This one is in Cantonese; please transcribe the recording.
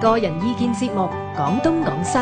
個人意見節目，講東講西。